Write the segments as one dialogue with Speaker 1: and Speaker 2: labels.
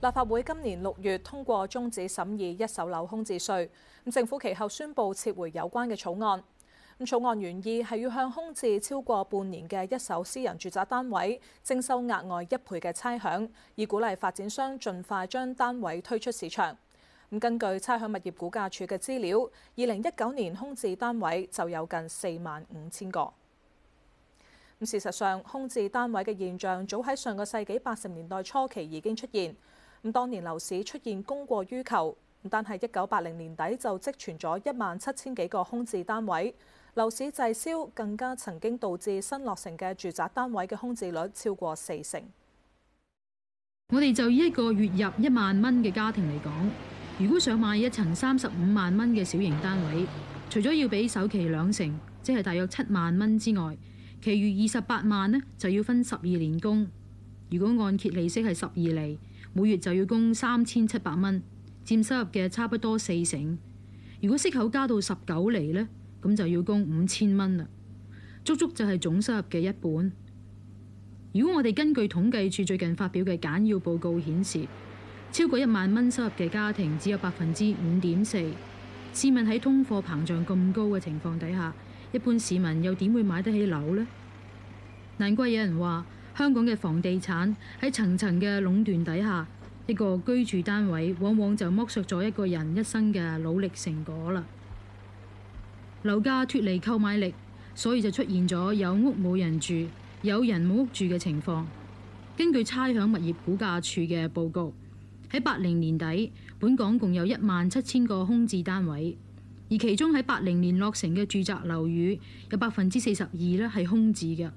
Speaker 1: 立法會今年六月通過終止審議一手樓空置稅，咁政府其後宣布撤回有關嘅草案。咁草案原意係要向空置超過半年嘅一手私人住宅單位徵收額外一倍嘅差餉，以鼓勵發展商盡快將單位推出市場。咁根據差餉物業估價署嘅資料，二零一九年空置單位就有近四萬五千個。咁事實上，空置單位嘅現象早喺上個世紀八十年代初期已經出現。咁當年樓市出現供過於求，單計一九八零年底就積存咗一萬七千幾個空置單位。樓市滯銷更加曾經導致新落成嘅住宅單位嘅空置率超過四成。
Speaker 2: 我哋就以一個月入一萬蚊嘅家庭嚟講，如果想買一層三十五萬蚊嘅小型單位，除咗要俾首期兩成，即係大約七萬蚊之外，其餘二十八萬呢，就要分十二年供。如果按揭利息係十二厘。每月就要供三千七百蚊，佔收入嘅差不多四成。如果息口加到十九厘呢，咁就要供五千蚊啦，足足就係總收入嘅一半。如果我哋根據統計處最近發表嘅簡要報告顯示，超過一萬蚊收入嘅家庭只有百分之五點四。市民喺通貨膨脹咁高嘅情況底下，一般市民又點會買得起樓呢？難怪有人話。香港嘅房地產喺層層嘅壟斷底下，一個居住單位往往就剝削咗一個人一生嘅努力成果啦。樓價脫離購買力，所以就出現咗有屋冇人住、有人冇屋住嘅情況。根據差餉物業估價署嘅報告，喺八零年底，本港共有一萬七千個空置單位，而其中喺八零年落成嘅住宅樓宇有百分之四十二咧係空置嘅。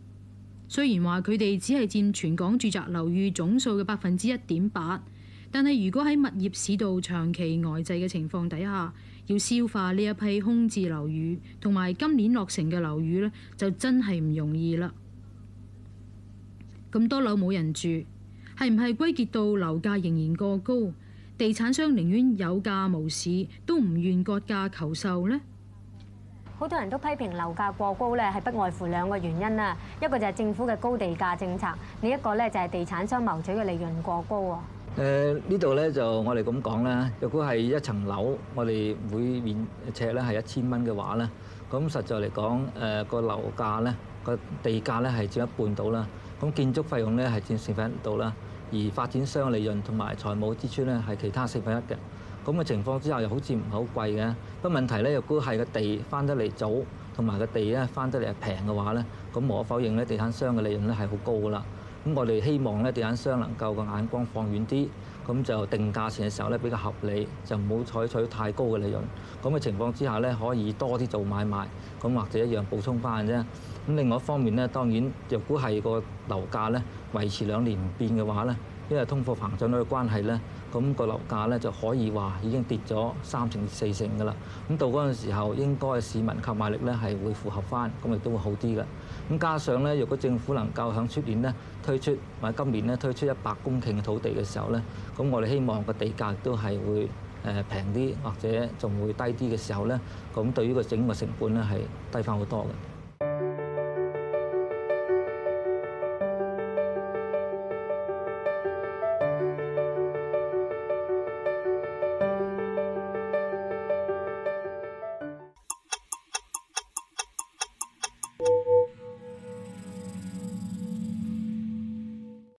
Speaker 2: 雖然話佢哋只係佔全港住宅樓宇總數嘅百分之一點八，但係如果喺物業市道長期呆滯嘅情況底下，要消化呢一批空置樓宇同埋今年落成嘅樓宇呢，就真係唔容易啦。咁多樓冇人住，係唔係歸結到樓價仍然過高？地產商寧願有價無市，都唔願割價求售呢？好多人都批評樓價過高咧，係不外乎兩個原因啦。一個就係政府嘅高地價政策，另一個咧就係地產商謀取嘅利潤過高喎。
Speaker 3: 誒，呢度咧就我哋咁講啦。如果係一層樓，我哋每面尺咧係一千蚊嘅話咧，咁實在嚟講，誒個樓價咧個地價咧係佔一半到啦，咁建築費用咧係佔四分一到啦，而發展商嘅利潤同埋財務支出咧係其他四分一嘅。咁嘅情況之下，又好似唔係好貴嘅，不過問題咧，如果係個地翻得嚟早，同埋個地咧翻得嚟平嘅話咧，咁無可否認咧，地產商嘅利潤咧係好高啦。咁我哋希望咧，地產商能夠個眼光放遠啲，咁就定價錢嘅時候咧比較合理，就唔好採取太高嘅利潤。咁嘅情況之下咧，可以多啲做買賣，咁或者一樣補充翻嘅啫。咁另外一方面咧，當然若果係個樓價咧維持兩年唔變嘅話咧，因為通貨膨脹率嘅關係咧，咁個樓價咧就可以話已經跌咗三成四成噶啦。咁到嗰陣時候，應該市民購買力咧係會符合翻，咁亦都會好啲嘅。咁加上咧，若果政府能夠響出年咧推出，或者今年咧推出一百公頃嘅土地嘅時候咧，咁我哋希望個地價都係會誒平啲，或者仲會低啲嘅時候咧，咁對於個整個成本咧係低翻好多嘅。